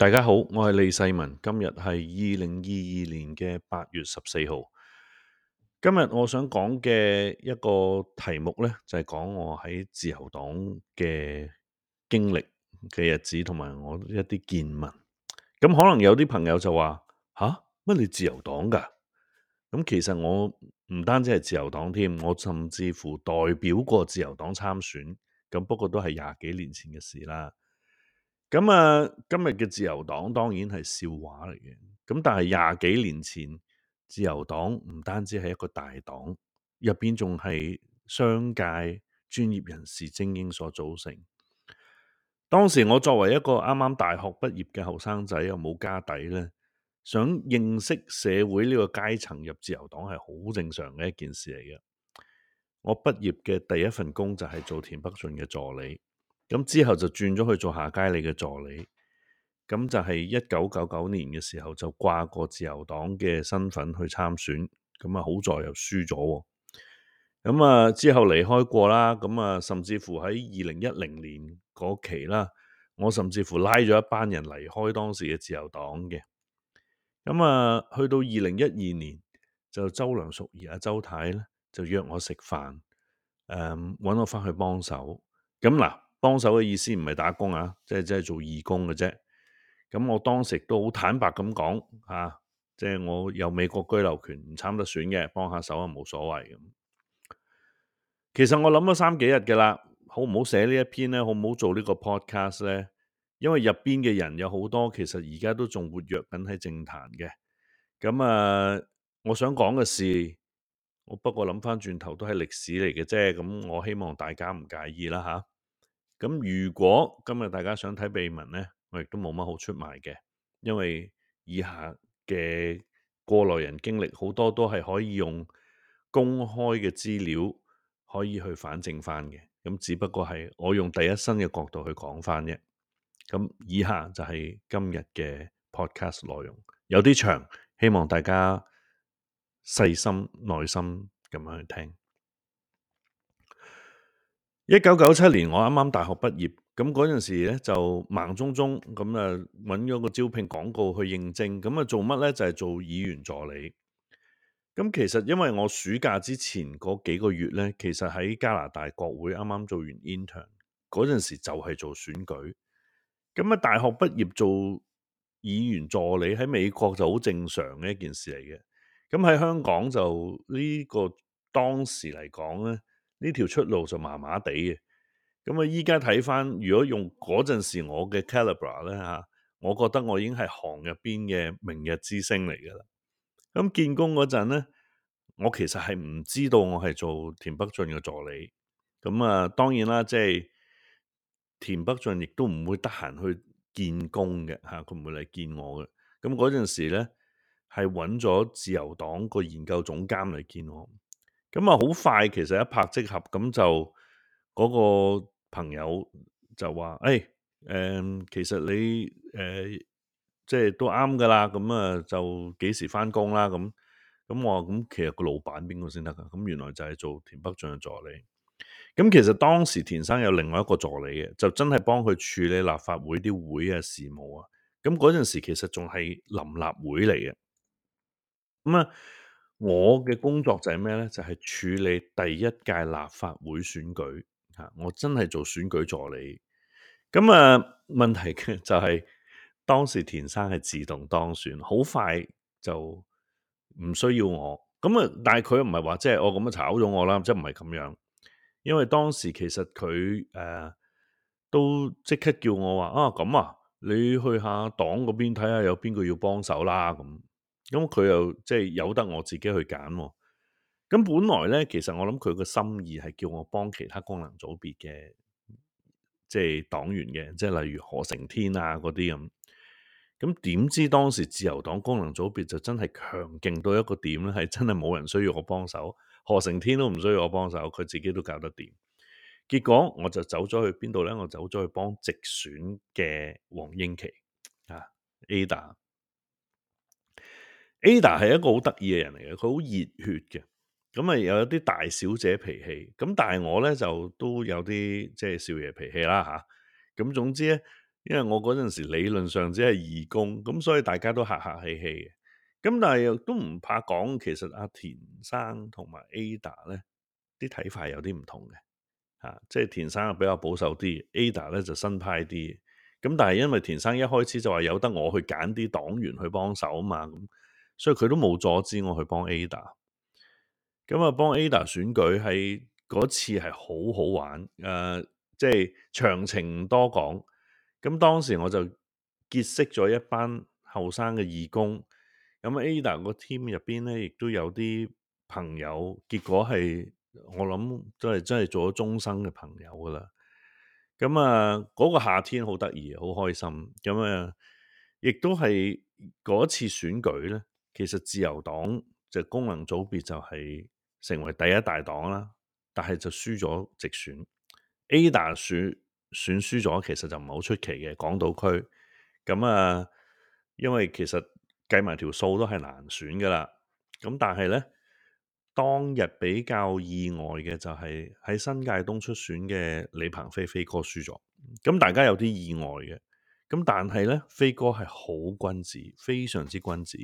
大家好，我係李世民。今日係二零二二年嘅八月十四號。今日我想講嘅一個題目呢，就係講我喺自由黨嘅經歷嘅日子，同埋我一啲見聞。咁可能有啲朋友就話：吓乜你自由黨噶？咁其實我唔單止係自由黨添，我甚至乎代表過自由黨參選。咁不過都係廿幾年前嘅事啦。咁啊，今日嘅自由黨當然係笑話嚟嘅。咁但係廿幾年前，自由黨唔單止係一個大黨，入邊仲係商界專業人士精英所組成。當時我作為一個啱啱大學畢業嘅後生仔，又冇家底咧，想認識社會呢個階層，入自由黨係好正常嘅一件事嚟嘅。我畢業嘅第一份工就係做田北俊嘅助理。咁之後就轉咗去做夏佳理嘅助理，咁就係一九九九年嘅時候就掛過自由黨嘅身份去參選，咁啊好在又輸咗，咁啊之後離開過啦，咁啊甚至乎喺二零一零年嗰期啦，我甚至乎拉咗一班人離開當時嘅自由黨嘅，咁啊去到二零一二年就周梁淑怡啊周太咧就約我食飯，誒、嗯、揾我翻去幫手，咁嗱、啊。幫手嘅意思唔係打工啊，即係即係做義工嘅啫。咁我當時都好坦白咁講吓，即係我有美國居留權，唔參得選嘅，幫下手啊，冇所謂咁。其實我諗咗三幾日嘅啦，好唔好寫呢一篇咧？好唔好做呢個 podcast 咧？因為入邊嘅人有好多，其實而家都仲活躍緊喺政壇嘅。咁啊，我想講嘅事，我不過諗翻轉頭都係歷史嚟嘅啫。咁我希望大家唔介意啦吓。啊咁如果今日大家想睇秘聞咧，我亦都冇乜好出賣嘅，因為以下嘅過來人經歷好多都係可以用公開嘅資料可以去反證翻嘅，咁只不過係我用第一身嘅角度去講翻啫。咁以下就係今日嘅 podcast 內容，有啲長，希望大家細心耐心咁樣去聽。一九九七年我啱啱大學畢業，咁嗰陣時咧就盲中中咁啊，搵咗個招聘廣告去應徵，咁啊做乜咧就係做議員助理。咁其實因為我暑假之前嗰幾個月咧，其實喺加拿大國會啱啱做完 intern，嗰陣時就係做選舉。咁啊，大學畢業做議員助理喺美國就好正常嘅一件事嚟嘅。咁喺香港就呢個當時嚟講咧。呢條出路就麻麻地嘅，咁啊依家睇返，如果用嗰陣時我嘅 calibre 咧，我覺得我已經係行入邊嘅明日之星嚟噶啦。咁見工嗰陣咧，我其實係唔知道我係做田北俊嘅助理，咁啊當然啦，即係田北俊亦都唔會得閒去見工嘅，吓，佢唔會嚟見我嘅。咁嗰陣時咧，係揾咗自由黨個研究總監嚟見我。咁啊，好快，其實一拍即合，咁就嗰個朋友就話：誒、欸，誒、嗯，其實你誒、嗯，即係都啱㗎喇。咁啊，就幾時返工啦？咁，咁我話，其實個老闆邊個先得㗎？咁原來就係做田北俊嘅助理。咁其實當時田生有另外一個助理嘅，就真係幫佢處理立法會啲會嘅事務啊。咁嗰陣時其實仲係臨立會嚟嘅。咁啊。我嘅工作就係咩咧？就係、是、處理第一屆立法會選舉吓，我真係做選舉助理。咁啊，問題嘅就係、是、當時田生係自動當選，好快就唔需要我。咁啊，但係佢又唔係話即係我咁樣炒咗我啦，即係唔係咁樣。因為當時其實佢誒、呃、都即刻叫我話啊，咁啊，你去下黨嗰邊睇下有邊個要幫手啦咁。咁佢又即係、就是、由得我自己去揀、啊，咁本來咧，其實我諗佢個心意係叫我幫其他功能組別嘅，即係黨員嘅，即係例如何成天啊嗰啲咁。咁點知當時自由黨功能組別就真係強勁到一個點咧，係真係冇人需要我幫手，何成天都唔需要我幫手，佢自己都搞得掂。結果我就走咗去邊度咧？我走咗去幫直選嘅黃英琦啊 Ada。Ada 係一個好得意嘅人嚟嘅，佢好熱血嘅，咁啊，有一啲大小姐脾氣，咁但係我咧就都有啲即係少爺脾氣啦吓，咁、啊、總之咧，因為我嗰陣時理論上只係義工，咁所以大家都客客氣氣嘅，咁但係又都唔怕講，其實阿田生同埋 Ada 咧啲睇法有啲唔同嘅，吓、啊，即係田生比較保守啲，Ada 咧就新派啲，咁但係因為田生一開始就話有得我去揀啲黨員去幫手啊嘛，咁。所以佢都冇阻止我去幫 Ada，咁啊、嗯、幫 Ada 選舉喺嗰次係好好玩，誒、呃，即係詳情唔多講。咁、嗯、當時我就結識咗一班後生嘅義工，咁 Ada 個 team 入邊咧，亦都有啲朋友。結果係我諗真係真係做咗終生嘅朋友噶啦。咁啊嗰個夏天好得意，好開心。咁、嗯、啊，亦、嗯、都係嗰次選舉咧。其實自由黨就功能組別就係成為第一大黨啦但係就輸咗直選 A 大 A 選選輸咗，其實就唔係好出奇嘅港島區咁啊。因為其實計埋條數都係難選噶啦。咁但係咧當日比較意外嘅就係喺新界東出選嘅李鵬飛飛哥輸咗，咁大家有啲意外嘅。咁但係咧飛哥係好君子，非常之君子。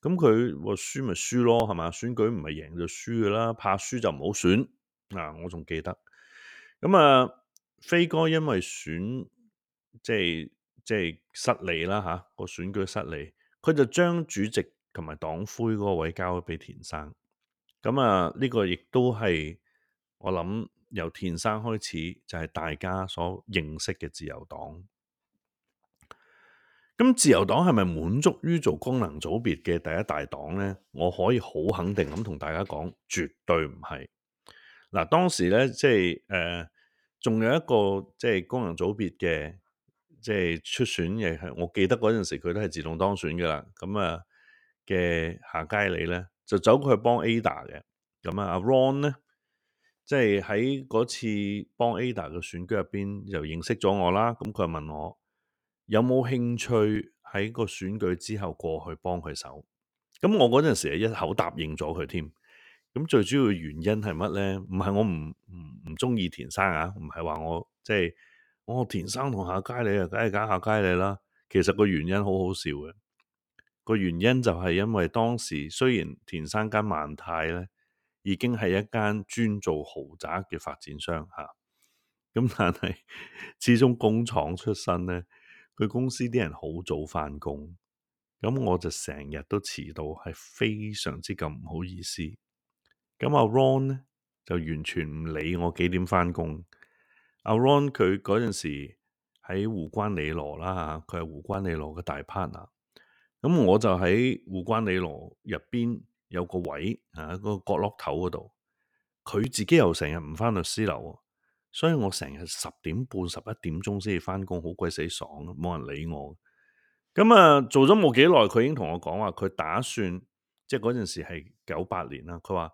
咁佢話輸咪輸咯，係嘛？選舉唔係贏就輸噶啦，怕輸就唔好選。嗱、啊，我仲記得。咁啊，飛哥因為選即係即係失利啦，吓、啊、個選舉失利，佢就將主席同埋黨魁嗰個位交咗畀田生。咁啊，呢、這個亦都係我諗由田生開始就係、是、大家所認識嘅自由黨。咁自由黨係咪滿足於做功能組別嘅第一大黨呢？我可以好肯定咁同大家講，絕對唔係。嗱、啊，當時咧即係誒，仲、呃、有一個即係功能組別嘅，即係出選嘅係，我記得嗰陣時佢都係自動當選噶啦。咁啊嘅夏佳理咧，就走過去幫 Ada 嘅。咁啊，阿 Ron 咧，即係喺嗰次幫 Ada 嘅選舉入邊，又認識咗我啦。咁佢問我。有冇興趣喺個選舉之後過去幫佢手？咁我嗰陣時係一口答應咗佢添。咁最主要嘅原因係乜咧？唔係我唔唔唔鍾意田生啊，唔係話我即係我田生同夏佳理啊，梗係揀夏佳理啦。其實個原因好好笑嘅，個原因就係因為當時雖然田生間萬泰咧已經係一間專做豪宅嘅發展商吓，咁、啊、但係始終工廠出身咧。佢公司啲人好早返工，咁我就成日都遲到，係非常之咁唔好意思。咁阿 Ron 呢就完全唔理我幾點返工。阿 Ron 佢嗰陣時喺湖關里羅啦，佢係湖關里羅嘅大 partner。咁我就喺湖關里羅入邊有個位啊，個角落頭嗰度。佢自己又成日唔返律師樓。所以我成日十點半、十一點鐘先至返工，好鬼死爽，冇人理我。咁啊，做咗冇幾耐，佢已經同我講話，佢打算，即係嗰陣時係九八年啦。佢話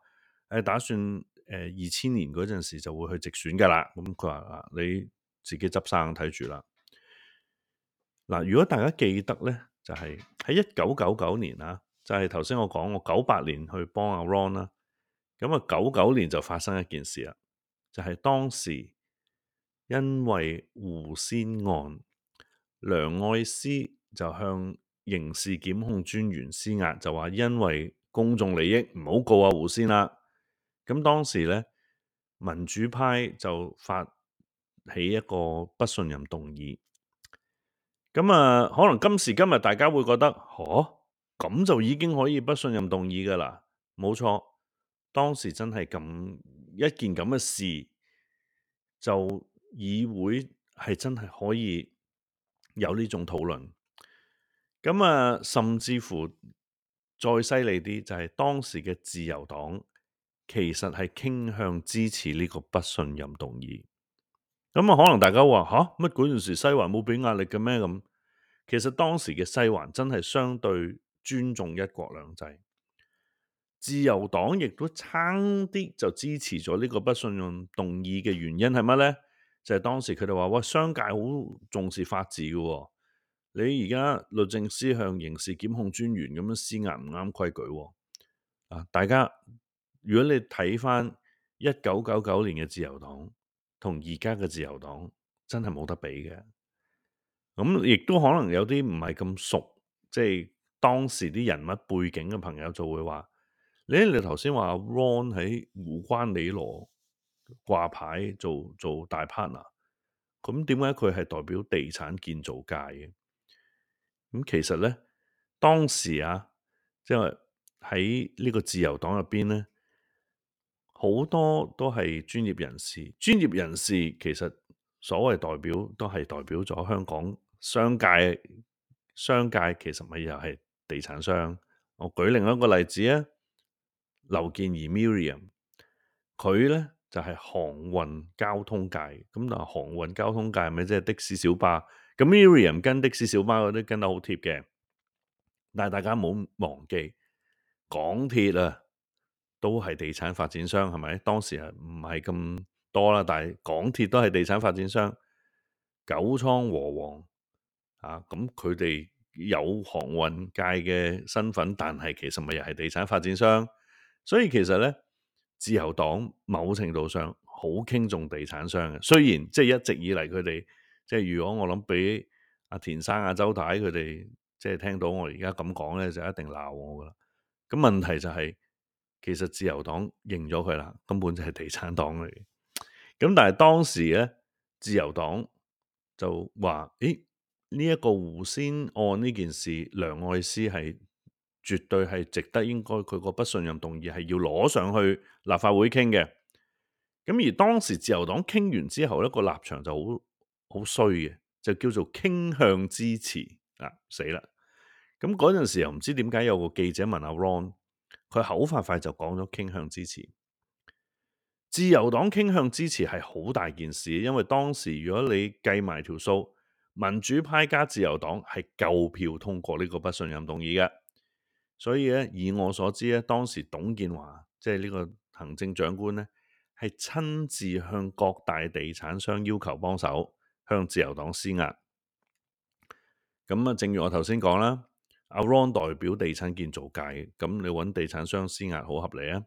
誒，打算誒二千年嗰陣時就會去直選噶啦。咁佢話啊，你自己執生睇住啦。嗱，如果大家記得咧，就係喺一九九九年啊，就係頭先我講我九八年去幫阿 Ron 啦。咁啊，九九年就發生一件事啦。就係當時，因為胡仙案，梁愛詩就向刑事檢控專員施壓，就話因為公眾利益唔好告阿胡仙啦。咁當時呢，民主派就發起一個不信任動議。咁啊，可能今時今日大家會覺得，哦、啊，咁就已經可以不信任動議噶啦，冇錯，當時真係咁。一件咁嘅事，就議會係真係可以有呢種討論。咁啊，甚至乎再犀利啲，就係、是、當時嘅自由黨其實係傾向支持呢個不信任動議。咁啊，可能大家話，吓，乜嗰陣時候西環冇俾壓力嘅咩咁？其實當時嘅西環真係相對尊重一國兩制。自由黨亦都差啲就支持咗呢個不信任動議嘅原因係乜呢？就係當時佢哋話：哇！商界好重視法治嘅喎，你而家律政司向刑事檢控專員咁樣施壓唔啱規矩喎。啊！大家，如果你睇返一九九九年嘅自由黨同而家嘅自由黨真係冇得比嘅。咁亦都可能有啲唔係咁熟，即係當時啲人物背景嘅朋友就會話。你哋頭先話 Ron 喺胡關李羅掛牌做做大 partner，咁點解佢係代表地產建造界嘅？咁其實咧，當時啊，即係喺呢個自由黨入邊咧，好多都係專業人士。專業人士其實所謂代表都係代表咗香港商界，商界其實咪又係地產商。我舉另一個例子啊。劉健儀、Miriam，佢呢就係、是、航運交通界咁。嗱，但航運交通界係咪即係的士小巴？咁 Miriam 跟的士小巴嗰啲跟得好貼嘅，但係大家唔好忘記港鐵啊，都係地產發展商係咪？當時係唔係咁多啦，但係港鐵都係地產發展商。九倉和黃啊，咁佢哋有航運界嘅身份，但係其實咪又係地產發展商。所以其實咧，自由黨某程度上好傾重地產商嘅，雖然即係、就是、一直以嚟佢哋即係如果我諗俾阿田生、阿周太佢哋即係聽到我而家咁講咧，就一定鬧我噶啦。咁問題就係、是、其實自由黨認咗佢啦，根本就係地產黨嚟嘅。咁但係當時咧，自由黨就話：誒呢一個胡仙案呢件事，梁愛詩係絕對係值得應該佢個不信任動議係要攞上去立法會傾嘅。咁而當時自由黨傾完之後呢、呢個立場就好好衰嘅，就叫做傾向支持啊，死啦！咁嗰陣時又唔知點解有個記者問阿、啊、Ron，佢口快快就講咗傾向支持。自由黨傾向支持係好大件事，因為當時如果你計埋條數，民主派加自由黨係夠票通過呢個不信任動議嘅。所以咧，以我所知咧，當時董建華即係呢個行政長官咧，係親自向各大地產商要求幫手，向自由黨施壓。咁啊，正如我頭先講啦，阿 Ron 代表地產建造界，咁你揾地產商施壓好合理啊。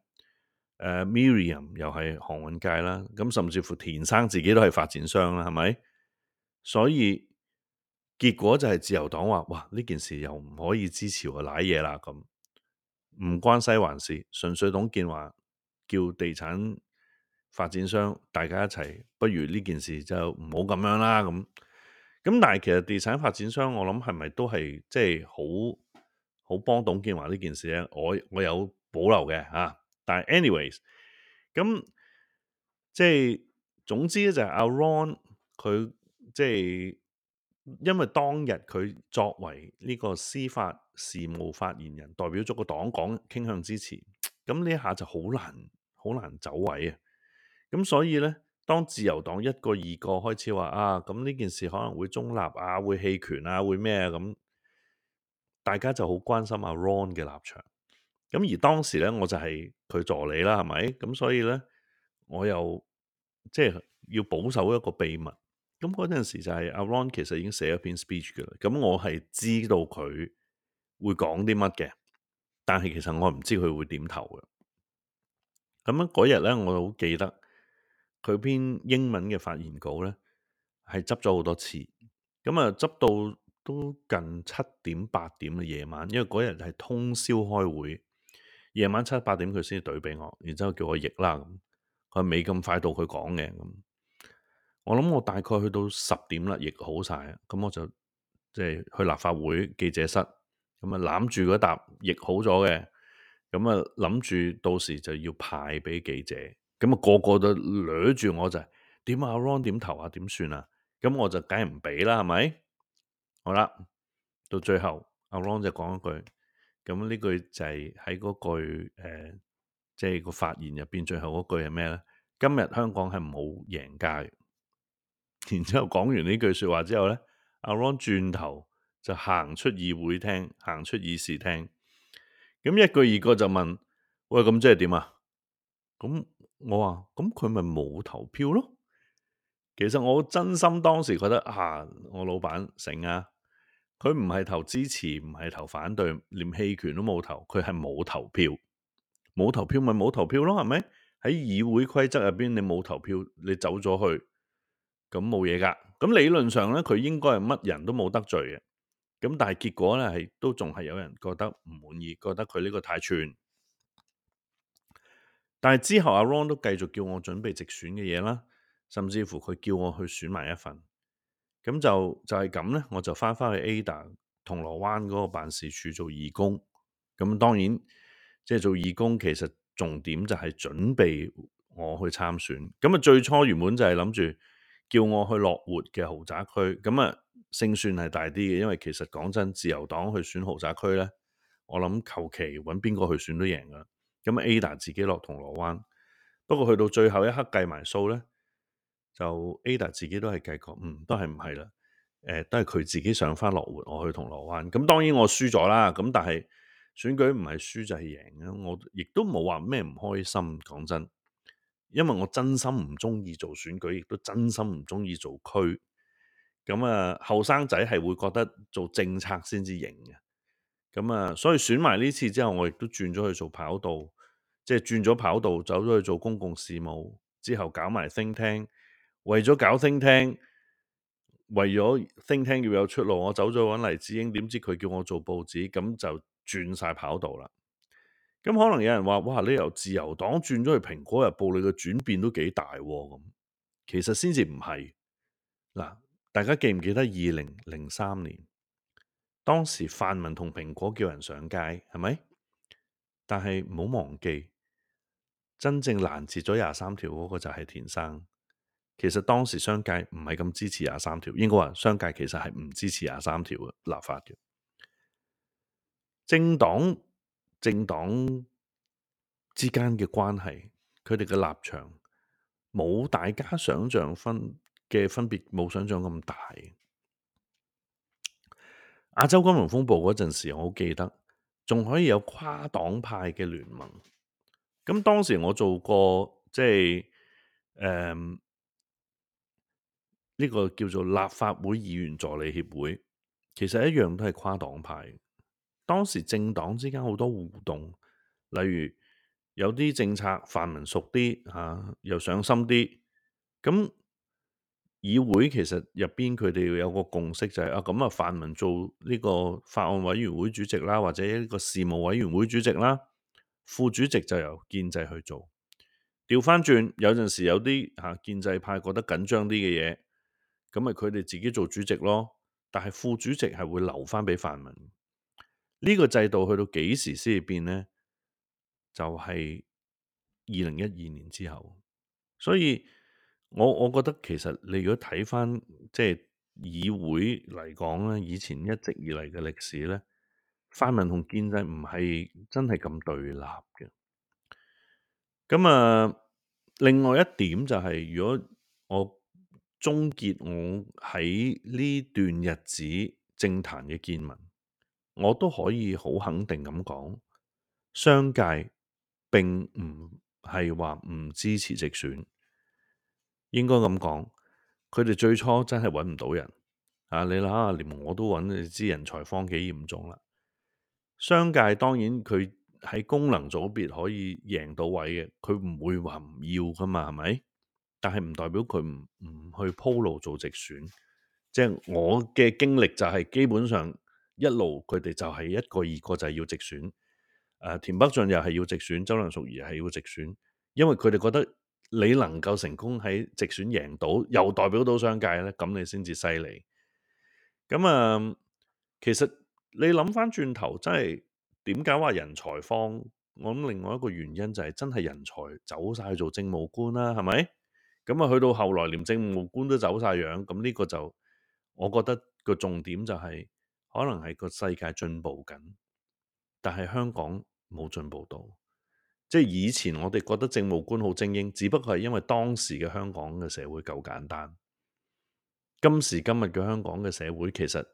Uh, Miriam 又係航運界啦，咁甚至乎田生自己都係發展商啦，係咪？所以。結果就係自由黨話，哇，呢件事又唔可以支持，我瀨嘢啦咁，唔關西環事，純粹董建華叫地產發展商大家一齊，不如呢件事就唔好咁樣啦咁。咁但係其實地產發展商我諗係咪都係即係好好幫董建華呢件事咧？我我有保留嘅吓，啊，但係 anyways，咁即係總之咧就係阿，啊、Ron 佢即係。因為當日佢作為呢個司法事務發言人，代表咗個黨講傾向支持，咁呢一下就好難好難走位啊！咁所以呢，當自由黨一個二個開始話啊，咁呢件事可能會中立啊，會棄權啊，會咩啊咁，大家就好關心阿、啊、Ron 嘅立場。咁而當時呢，我就係佢助理啦，係咪？咁所以呢，我又即係、就是、要保守一個秘密。咁嗰陣時就係、是、阿 Ron 其實已經寫咗篇 speech 嘅啦，咁我係知道佢會講啲乜嘅，但係其實我唔知佢會點頭嘅。咁樣嗰日咧，我好記得佢篇英文嘅發言稿咧，係執咗好多次，咁啊執到都近七點八點嘅夜晚，因為嗰日係通宵開會，夜晚七八點佢先懟畀我，然之後叫我譯啦，佢未咁快到佢講嘅咁。我諗我大概去到十點啦，譯好晒，咁我就即係、就是、去立法會記者室，咁啊攬住嗰沓譯好咗嘅，咁啊諗住到時就要派畀記者，咁啊個個都掠住我就是，點啊阿 Ron 點頭啊，點算啊？咁我就梗係唔畀啦，係咪？好啦，到最後阿 Ron 就講一句，咁呢句就係喺嗰句誒，即、呃、係、就是、個發言入邊最後嗰句係咩咧？今日香港係冇贏家嘅。然之後講完呢句說話之後呢阿、啊、Ron 轉頭就行出議會廳，行出議事廳。咁一句二個就問：喂，咁即係點啊？咁、嗯、我話：咁佢咪冇投票咯？其實我真心當時覺得啊，我老闆成啊，佢唔係投支持，唔係投反對，連棄權都冇投，佢係冇投票。冇投票咪冇投票咯，係咪？喺議會規則入邊，你冇投票，你走咗去。咁冇嘢噶，咁理論上咧，佢應該係乜人都冇得罪嘅，咁但係結果咧係都仲係有人覺得唔滿意，覺得佢呢個太串。但係之後阿 Ron 都繼續叫我準備直選嘅嘢啦，甚至乎佢叫我去選埋一份，咁就就係咁咧，我就翻翻去 Ada 銅鑼灣嗰個辦事處做義工，咁當然即係、就是、做義工，其實重點就係準備我去參選，咁啊最初原本就係諗住。叫我去樂活嘅豪宅區，咁啊勝算係大啲嘅，因為其實講真，自由黨去選豪宅區咧，我諗求其揾邊個去選都贏㗎。咁 Ada 自己落銅鑼灣，不過去到最後一刻計埋數咧，就 Ada 自己都係計過，嗯，都係唔係啦。誒、呃，都係佢自己上翻樂活，我去銅鑼灣。咁當然我輸咗啦，咁但係選舉唔係輸就係贏啊！我亦都冇話咩唔開心，講真。因為我真心唔鍾意做選舉，亦都真心唔鍾意做區。咁啊，後生仔係會覺得做政策先至贏嘅。咁啊，所以選埋呢次之後，我亦都轉咗去做跑道，即係轉咗跑道走咗去做公共事務之後，搞埋 think tank。為咗搞 think tank，為咗 think tank 要有出路，我走咗搵黎智英，點知佢叫我做報紙，咁就轉晒跑道啦。咁可能有人話哇，你由自由黨轉咗去蘋果日報，你個轉變都幾大咁、啊。其實先至唔係。大家記唔記得二零零三年，當時泛民同蘋果叫人上街，係咪？但係唔好忘記，真正攔截咗廿三條嗰個就係田生。其實當時商界唔係咁支持廿三條，應該話商界其實係唔支持廿三條嘅立法嘅政黨。政黨之間嘅關係，佢哋嘅立場冇大家想象分嘅分別，冇想象咁大。亞洲金融風暴嗰陣時，我好記得，仲可以有跨黨派嘅聯盟。咁當時我做過，即係呢個叫做立法會議員助理協會，其實一樣都係跨黨派。當時政黨之間好多互動，例如有啲政策泛民熟啲嚇，又上心啲。咁議會其實入邊佢哋有個共識就係啊，咁啊泛民做呢個法案委員會主席啦，或者呢個事務委員會主席啦，副主席就由建制去做。調翻轉，有陣時有啲嚇建制派覺得緊張啲嘅嘢，咁咪佢哋自己做主席咯，但係副主席係會留翻畀泛民。呢個制度去到幾時先變呢？就係二零一二年之後，所以我我覺得其實你如果睇翻即係議會嚟講咧，以前一直以嚟嘅歷史咧，泛民同建制唔係真係咁對立嘅。咁啊，另外一點就係，如果我終結我喺呢段日子政壇嘅見聞。我都可以好肯定咁講，商界並唔係話唔支持直選，應該咁講。佢哋最初真係揾唔到人啊！你諗下，連我都揾你知人才荒幾嚴重啦。商界當然佢喺功能組別可以贏到位嘅，佢唔會話唔要噶嘛，係咪？但係唔代表佢唔唔去鋪路做直選。即係我嘅經歷就係基本上。一路佢哋就係一個二個就係要直選，誒，田北俊又係要直選，周梁淑怡又係要直選，因為佢哋覺得你能夠成功喺直選贏到，又代表到商界咧，咁你先至犀利。咁啊，其實你諗翻轉頭，真係點解話人才荒？我諗另外一個原因就係、是、真係人才走晒做政務官啦，係咪？咁啊，去到後來連政務官都走晒樣，咁呢個就我覺得個重點就係、是。可能係個世界進步緊，但係香港冇進步到。即係以前我哋覺得政務官好精英，只不過係因為當時嘅香港嘅社會夠簡單。今時今日嘅香港嘅社會，其實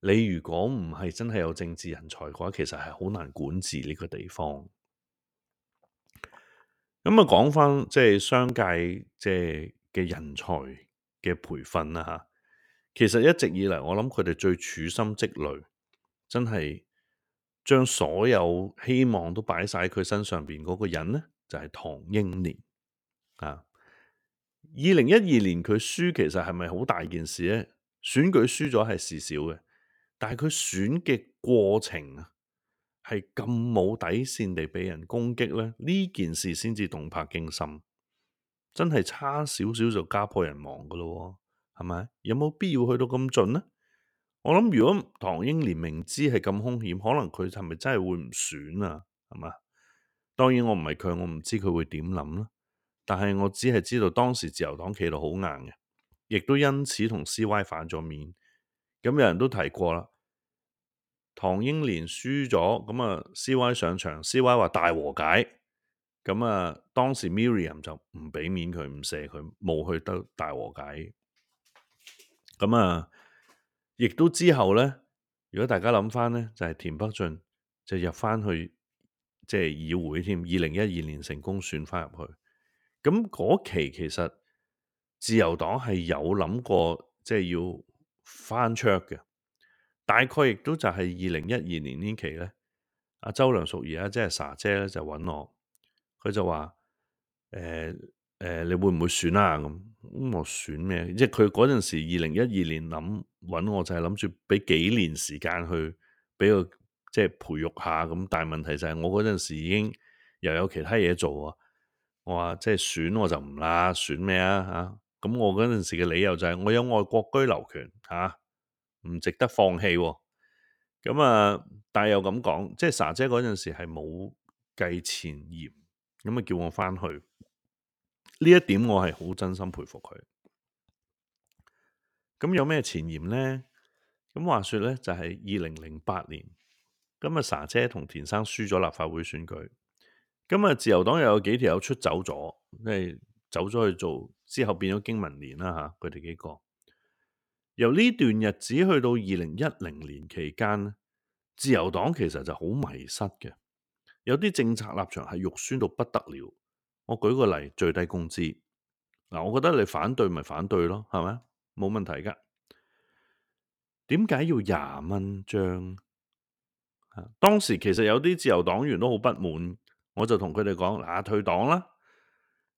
你如果唔係真係有政治人才嘅話，其實係好難管治呢個地方。咁啊，講返即係商界即係嘅人才嘅培訓啦。.其實一直以嚟，我諗佢哋最處心積慮，真係將所有希望都擺晒喺佢身上邊嗰個人呢，就係、是、唐英年啊。二零一二年佢輸，其實係咪好大件事呢？選舉輸咗係事小嘅，但係佢選嘅過程啊，係咁冇底綫地畀人攻擊咧，呢件事先至動魄驚心，真係差少少就家破人亡噶咯。係咪有冇必要去到咁盡呢？我諗如果唐英年明知係咁凶險，可能佢係咪真係會唔選啊？係嘛？當然我唔係佢，我唔知佢會點諗啦。但係我只係知道當時自由黨企到好硬嘅，亦都因此同 C Y 反咗面。咁、嗯、有人都提過啦，唐英年輸咗，咁、嗯、啊 C Y 上場，C Y 話大和解，咁、嗯、啊、嗯、當時 Miriam 就唔畀面佢，唔射佢，冇去得大和解。咁啊，亦都之後咧，如果大家諗翻咧，就係、是、田北俊就入翻去即係、就是、議會添，二零一二年成功選翻入去。咁嗰期其實自由黨係有諗過即係要翻出嘅，大概亦都就係二零一二年呢期咧，阿周梁淑儀啊，即係傻姐咧就揾我，佢就話：，誒、呃、誒、呃，你會唔會選啊？咁。咁我選咩？即係佢嗰陣時，二零一二年諗揾我就係諗住畀幾年時間去畀佢，即係培育下咁。但係問題就係我嗰陣時已經又有其他嘢做啊！我話即係選我就唔啦，選咩啊？吓，咁我嗰陣時嘅理由就係我有外國居留權吓，唔值得放棄啊。咁啊，但係又咁講，即係莎姐嗰陣時係冇計前嫌，咁啊叫我翻去。呢一點我係好真心佩服佢。咁有咩前言呢？咁話説咧，就係二零零八年，咁啊，沙姐同田生輸咗立法會選舉。咁啊，自由黨又有幾條友出走咗，即走咗去做之後變咗經民聯啦吓，佢哋幾個。由呢段日子去到二零一零年期間咧，自由黨其實就好迷失嘅，有啲政策立場係肉酸到不得了。我舉個例，最低工資、啊、我覺得你反對咪反對咯，係咪啊？冇問題噶。點解要廿蚊張？當時其實有啲自由黨員都好不滿，我就同佢哋講退黨啦。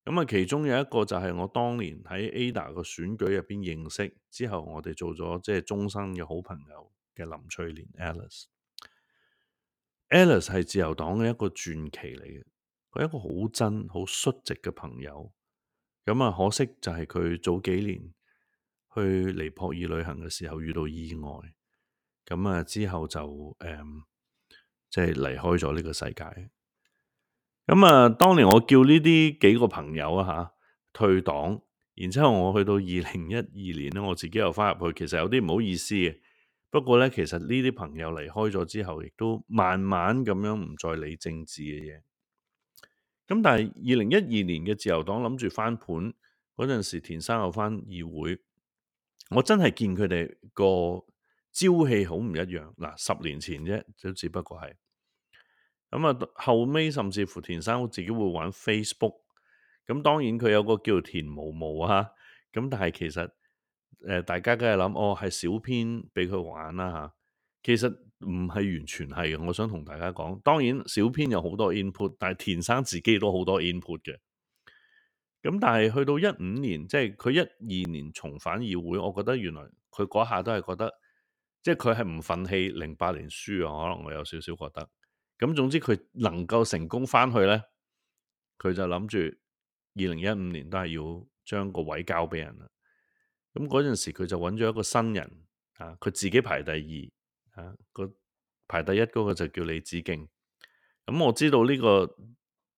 咁、嗯、啊，其中有一個就係我當年喺 Ada 個選舉入邊認識，之後我哋做咗即係終身嘅好朋友嘅林翠蓮 Alice。Alice 係自由黨嘅一個傳奇嚟嘅。係一個好真、好率直嘅朋友，咁啊，可惜就係佢早幾年去尼泊爾旅行嘅時候遇到意外，咁啊，之後就誒，即係離開咗呢個世界。咁啊，當年我叫呢啲幾個朋友啊吓退黨，然之後我去到二零一二年咧，我自己又返入去，其實有啲唔好意思嘅。不過咧，其實呢啲朋友離開咗之後，亦都慢慢咁樣唔再理政治嘅嘢。咁但係二零一二年嘅自由黨諗住翻盤嗰陣時，田生又翻議會，我真係見佢哋個朝氣好唔一樣。嗱、啊，十年前啫，都只不過係咁啊。後尾甚至乎田生自己會玩 Facebook，咁、啊、當然佢有個叫田毛毛啊。咁、啊、但係其實、呃、大家都係諗，哦，係小編俾佢玩啦吓。啊其實唔係完全係嘅，我想同大家講。當然小編有好多 input，但係田生自己都好多 input 嘅。咁但係去到一五年，即係佢一二年重返議會，我覺得原來佢嗰下都係覺得，即係佢係唔忿氣零八年輸啊。可能我有少少覺得。咁總之佢能夠成功返去呢，佢就諗住二零一五年都係要將個位交俾人啦。咁嗰陣時佢就揾咗一個新人啊，佢自己排第二。啊，個排第一嗰個就叫李子敬。咁、嗯、我知道呢個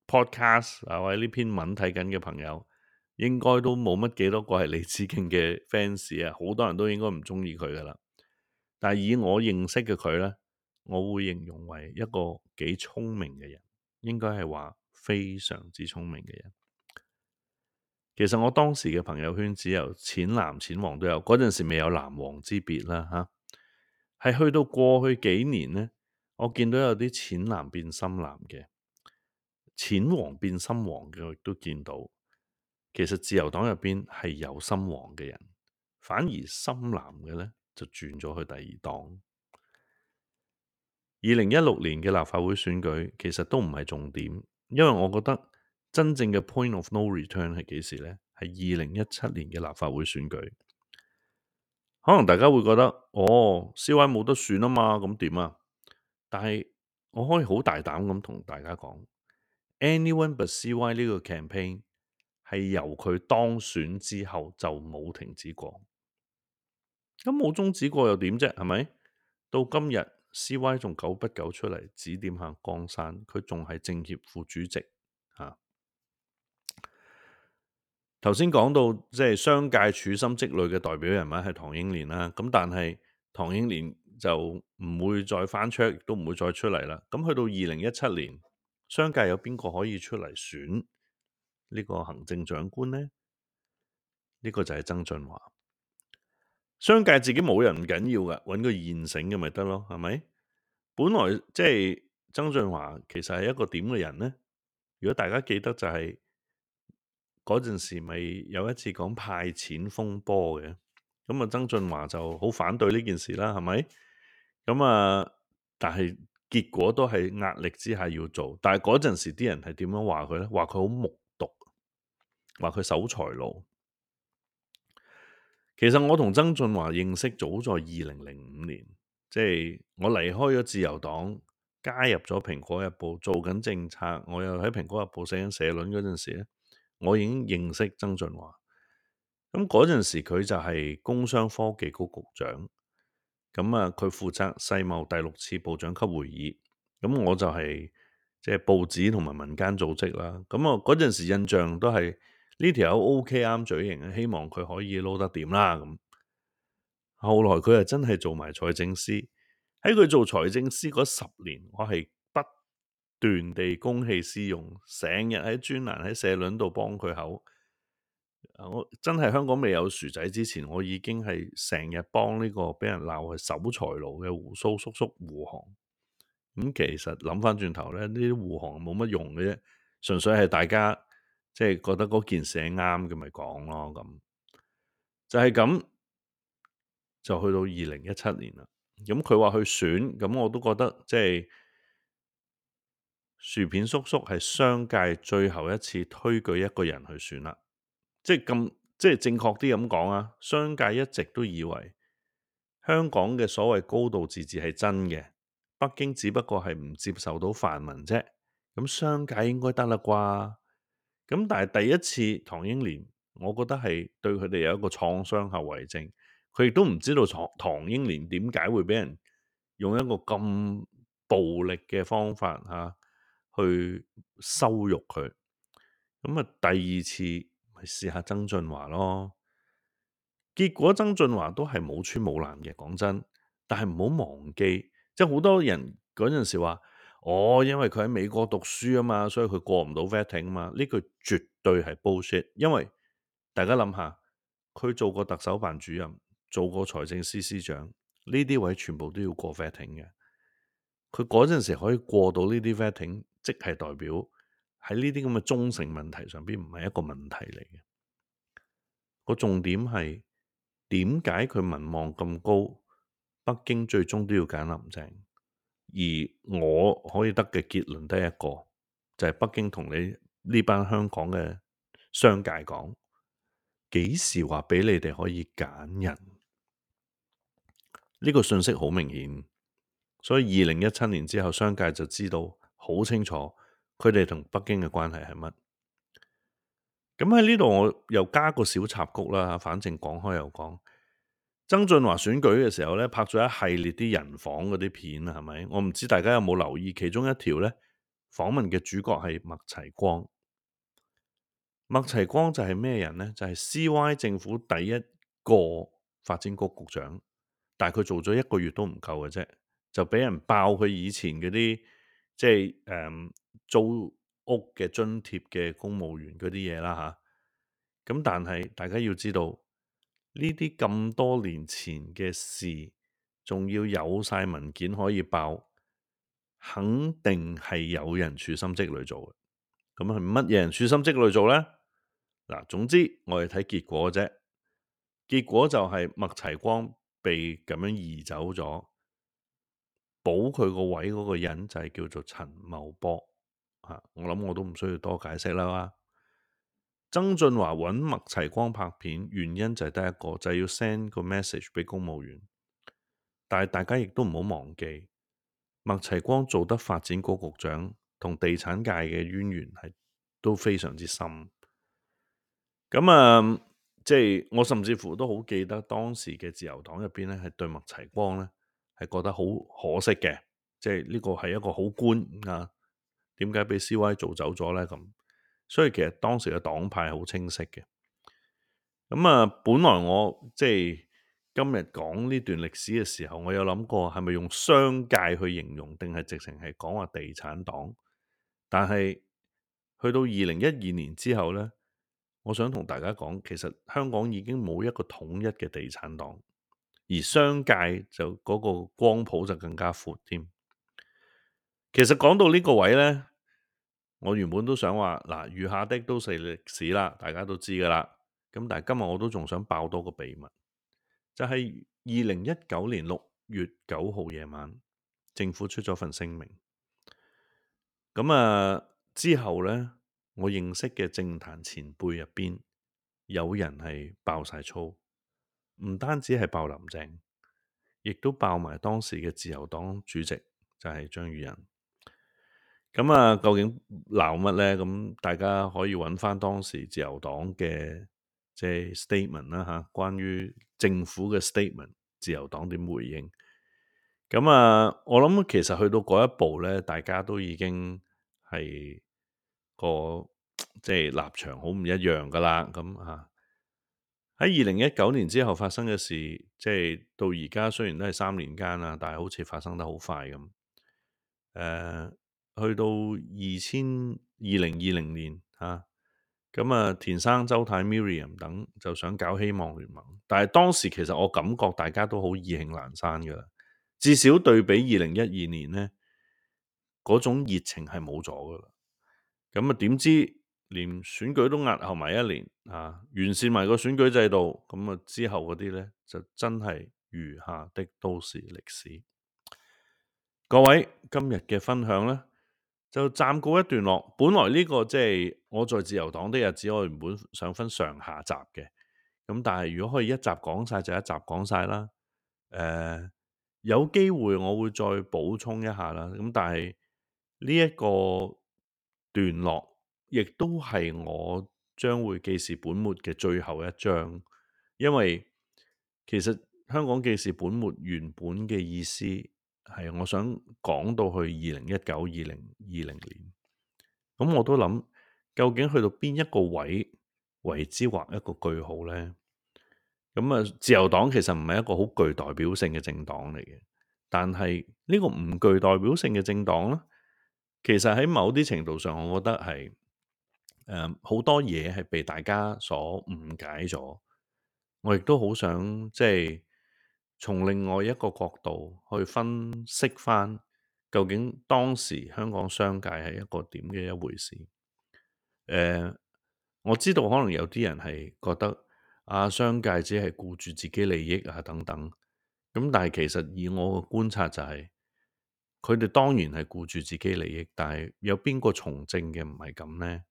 podcast 啊，或者呢篇文睇緊嘅朋友，應該都冇乜幾多個係李子敬嘅 fans 啊，好多人都應該唔鍾意佢噶啦。但以我認識嘅佢咧，我會形容為一個幾聰明嘅人，應該係話非常之聰明嘅人。其實我當時嘅朋友圈只有淺藍、淺黃都有，嗰陣時未有藍黃之別啦，吓。係去到過去幾年呢，我見到有啲淺藍變深藍嘅，淺黃變深黃嘅，都見到。其實自由黨入邊係有深黃嘅人，反而深藍嘅呢就轉咗去第二黨。二零一六年嘅立法會選舉其實都唔係重點，因為我覺得真正嘅 point of no return 係幾時呢？係二零一七年嘅立法會選舉。可能大家會覺得哦，CY 冇得選啊嘛，咁點啊？但係我可以好大膽咁同大家講，Anyone but CY 呢個 campaign 係由佢當選之後就冇停止過。咁冇終止過又點啫？係咪到今日 CY 仲久不久出嚟指點下江山，佢仲係政協副主席。頭先講到即係商界處心積慮嘅代表人物係唐英年啦，咁但係唐英年就唔會再翻出，亦都唔會再出嚟啦。咁去到二零一七年，商界有邊個可以出嚟選呢個行政長官呢？呢個就係曾俊華。商界自己冇人唔緊要噶，揾個現成嘅咪得咯，係咪？本來即係曾俊華，其實係一個點嘅人呢？如果大家記得就係。嗰陣時咪有一次講派錢風波嘅，咁啊曾俊華就好反對呢件事啦，係咪？咁啊，但係結果都係壓力之下要做，但係嗰陣時啲人係點樣話佢咧？話佢好木毒，話佢守財奴。其實我同曾俊華認識早在二零零五年，即係我離開咗自由黨，加入咗《蘋果日報》，做緊政策，我又喺《蘋果日報》寫緊社論嗰陣時咧。我已經認識曾俊華，咁嗰陣時佢就係工商科技局局長，咁啊佢負責世貿第六次部長級會議，咁我就係即係報紙同埋民間組織啦，咁啊嗰陣時印象都係呢條友 O K 啱嘴型啊，希望佢可以撈得掂啦咁。後來佢係真係做埋財政司，喺佢做財政司嗰十年，我係。斷地公器私用，成日喺專欄喺社論度幫佢口，我真係香港未有薯仔之前，我已經係成日幫呢個畀人鬧係守財奴嘅胡鬚叔叔護航。咁、嗯、其實諗翻轉頭呢啲護航冇乜用嘅啫，純粹係大家即係、就是、覺得嗰件事啱嘅，咪講咯咁。就係咁，就去到二零一七年啦。咁佢話去選，咁我都覺得即係。就是薯片叔叔係商界最後一次推舉一個人去選啦，即係咁，即係正確啲咁講啊。商界一直都以為香港嘅所謂高度自治係真嘅，北京只不過係唔接受到泛民啫。咁商界應該得啦啩？咁但係第一次唐英年，我覺得係對佢哋有一個創傷後遺症。佢亦都唔知道唐唐英年點解會畀人用一個咁暴力嘅方法吓。去羞辱佢，咁啊第二次咪試下曾俊華咯，結果曾俊華都係冇穿冇爛嘅，講真，但係唔好忘記，即係好多人嗰陣時話，我、oh, 因為佢喺美國讀書啊嘛，所以佢過唔到 vetting 啊嘛，呢句絕對係 bullshit，因為大家諗下，佢做過特首辦主任，做過財政司司長，呢啲位全部都要過 vetting 嘅，佢嗰陣時可以過到呢啲 vetting。即係代表喺呢啲咁嘅忠誠問題上邊唔係一個問題嚟嘅，個重點係點解佢民望咁高，北京最終都要揀林鄭，而我可以得嘅結論得一個，就係、是、北京同你呢班香港嘅商界講，幾時話畀你哋可以揀人？呢、這個信息好明顯，所以二零一七年之後，商界就知道。好清楚，佢哋同北京嘅關係係乜？咁喺呢度我又加個小插曲啦，反正講開又講。曾俊華選舉嘅時候呢，拍咗一系列啲人訪嗰啲片啊，係咪？我唔知大家有冇留意？其中一條呢訪問嘅主角係麥齊光。麥齊光就係咩人呢？就係 C Y 政府第一個發展局局長，但係佢做咗一個月都唔夠嘅啫，就俾人爆佢以前嗰啲。即係誒，租、嗯、屋嘅津貼嘅公務員嗰啲嘢啦吓，咁、啊、但係大家要知道呢啲咁多年前嘅事，仲要有晒文件可以爆，肯定係有人處心積慮做嘅。咁係乜嘢人處心積慮做咧？嗱，總之我哋睇結果啫。結果就係麥齊光被咁樣移走咗。補佢個位嗰個人就係叫做陳茂波啊！我諗我都唔需要多解釋啦。曾俊華搵麥齊光拍片，原因就係得一個，就係要 send 個 message 畀公務員。但係大家亦都唔好忘記，麥齊光做得發展局局長同地產界嘅淵源係都非常之深。咁啊，即係我甚至乎都好記得當時嘅自由黨入邊咧，係對麥齊光咧。係覺得好可惜嘅，即係呢個係一個好官啊！點解畀 C Y 做走咗咧？咁所以其實當時嘅黨派好清晰嘅。咁啊，本來我即係、就是、今日講呢段歷史嘅時候，我有諗過係咪用商界去形容，定係直情係講話地產黨？但係去到二零一二年之後咧，我想同大家講，其實香港已經冇一個統一嘅地產黨。而商界就嗰個光譜就更加闊添。其實講到呢個位咧，我原本都想話嗱，餘下的都係歷史啦，大家都知噶啦。咁但係今日我都仲想爆多個秘密，就係二零一九年六月九號夜晚，政府出咗份聲明。咁、嗯、啊之後咧，我認識嘅政壇前輩入邊，有人係爆晒粗。唔單止係爆林鄭，亦都爆埋當時嘅自由黨主席就係、是、張宇人。咁啊，究竟鬧乜呢？咁大家可以搵返當時自由黨嘅即係 statement 啦吓，關於政府嘅 statement，自由黨點回應？咁啊，我諗其實去到嗰一步呢，大家都已經係、那個即係、就是、立場好唔一樣㗎喇。咁啊。喺二零一九年之後發生嘅事，即係到而家雖然都係三年間啦，但係好似發生得好快咁、呃。去到二千二零二零年咁啊，田生、周太、Miriam 等就想搞希望聯盟，但係當時其實我感覺大家都好意興闌珊噶啦，至少對比二零一二年呢，嗰種熱情係冇咗噶啦。咁啊，點知？連選舉都押後埋一年啊，完善埋個選舉制度，咁啊之後嗰啲咧，就真係餘下的都是歷史。各位今日嘅分享咧，就暫告一段落。本來呢個即係我在自由黨的日子，我原本想分上下集嘅，咁但係如果可以一集講晒就一集講晒啦。誒、呃，有機會我會再補充一下啦。咁但係呢一個段落。亦都係我將會記事本末嘅最後一章，因為其實香港記事本末原本嘅意思，係我想講到去二零一九、二零二零年，咁、嗯、我都諗究竟去到邊一個位為之畫一個句號咧？咁、嗯、啊，自由黨其實唔係一個好具代表性嘅政黨嚟嘅，但係呢個唔具代表性嘅政黨咧，其實喺某啲程度上，我覺得係。好、嗯、多嘢係被大家所誤解咗，我亦都好想即係從另外一個角度去分析返，究竟當時香港商界係一個點嘅一回事。誒、嗯，我知道可能有啲人係覺得啊，商界只係顧住自己利益啊，等等，咁但係其實以我嘅觀察就係、是，佢哋當然係顧住自己利益，但係有邊個從政嘅唔係咁咧？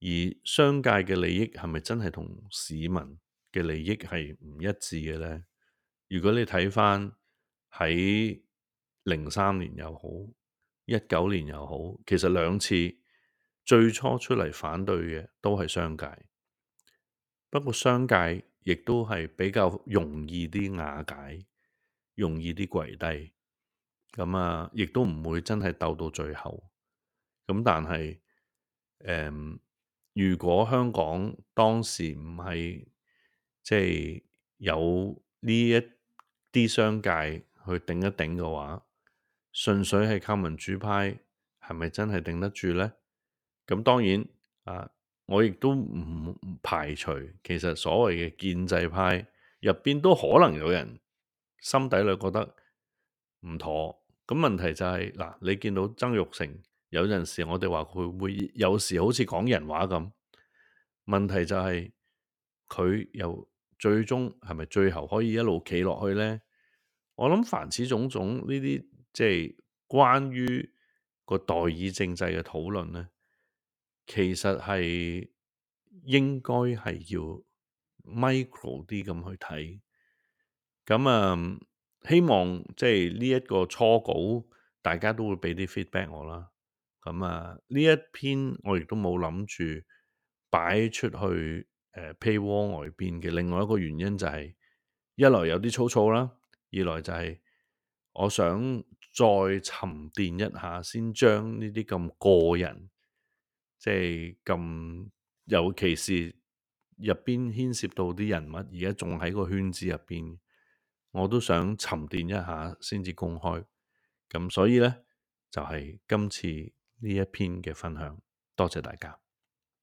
而商界嘅利益係咪真係同市民嘅利益係唔一致嘅咧？如果你睇返，喺零三年又好，一九年又好，其實兩次最初出嚟反對嘅都係商界，不過商界亦都係比較容易啲瓦解，容易啲跪低，咁啊，亦都唔會真係鬥到最後。咁但係誒。嗯如果香港當時唔係即係有呢一啲商界去頂一頂嘅話，純粹係靠民主派，係咪真係頂得住咧？咁當然啊，我亦都唔排除其實所謂嘅建制派入邊都可能有人心底裡覺得唔妥。咁問題就係，嗱，你見到曾鈺成。有陣時我哋話佢會有時好似講人話咁，問題就係佢又最終係咪最後可以一路企落去咧？我諗凡此種種呢啲即係關於個代議政制嘅討論咧，其實係應該係要 micro 啲咁去睇。咁啊，嗯，希望即係呢一個初稿，大家都會畀啲 feedback 我啦。咁啊，呢一篇我亦都冇諗住擺出去誒、呃、paywall 外邊嘅。另外一個原因就係、是、一來有啲粗糙啦，二來就係我想再沉澱一下，先將呢啲咁個人，即係咁，尤其是入邊牽涉到啲人物，而家仲喺個圈子入邊，我都想沉澱一下先至公開。咁所以咧，就係、是、今次呢一篇嘅分享，多謝大家。